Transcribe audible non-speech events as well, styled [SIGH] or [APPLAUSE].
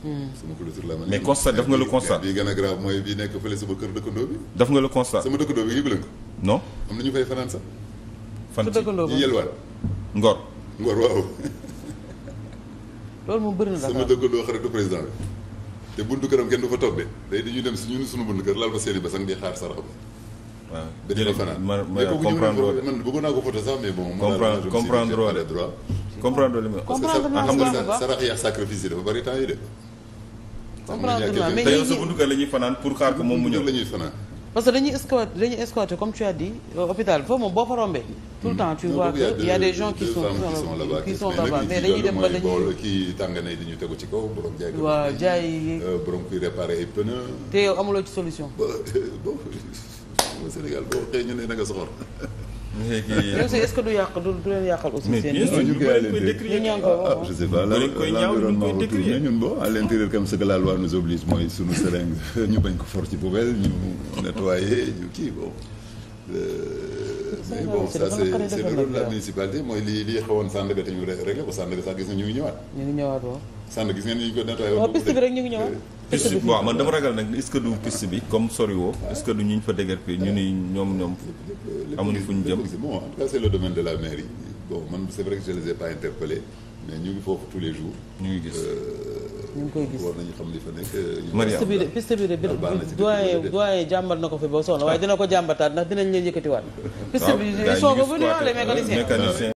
sama clôture la ma. mais constat daf nga le constat bii gën a grave mooy bii nekk fële sama kër dëkkandoo bi. daf nga le constat sama dëkkandoo bi yëgule ko. non am na ñu fay fanaan sax. fan ci ñu yelwaat Ngor. Ngor waaw. [LAUGHS] loolu moom bëri na sama dëkkandoo xaritu président bi. te buntu këram kenn du fa toog de day di ñu dem si ñun suñu buntu kër laal fa seen i basang di xaar sarax bi. waaw jërëjëf ma ma comprendre man naa ko photo sax mais bon. comprendre comprendre comprendre li ma. comprendre li ma parce que ah, sarax yaa bari temps comprendre naa mais léegi sa buntu kër la fanaan pour xaar ko moom mu ñëw la fanaan parce que dañuy escorter dañuy escorter comme tu as dit euh, hôpital foofu moom boo fa rombee tout le hmm. temps tu vois que y qui sont qui sont là-bas mais dañuy dem ba dañuy kii tàngane di ñu tegu ci kaw borom jaay euh, borom kuy réparer ay pneu te yow amuloo ci solution [LAUGHS] bo [LAUGHS] Sénégal boo xëy ne na soxor [LAUGHS] léegi [LAUGHS] que du yàq du du leen yàqal aussi. mais bien sûr ñu ah, je sais pas ñun bon à l'intérieur comme ce que [LAUGHS] ci poubelle ñu nettoyer mooy li li xewoon Sandaga te ñu réglé ko Sandaga sax gis nga ñu ngi ñëwaat. ñu ngi ñëwaat waaw. gis ngeen ni ñu ko nettoyé woon. bi rek ñu ngi ñëwaat. Euh, piste bi waaw man dama ragal nag est-ce que du bi comme soriwoo est-ce que ñu fa dégg ñu ni ñoom ñoom amuñu fu ñu jëm bon en tout cas c'est le domaine de la mairie bon man c'est vrai que je les pas interpellés mais ñu ngi foofu tous les jours. ñu ngi gis euh, ñu ngi koy gis war nañu xam li fa nekk. Euh, mariam bi de piste bi de ah, bi doyen doyen na ko fi ba sonn waaye dina ko jàmbataat ndax dinañ leen yëkkatiwaat. waaw piste bi ils sont revenus les mécaniciens.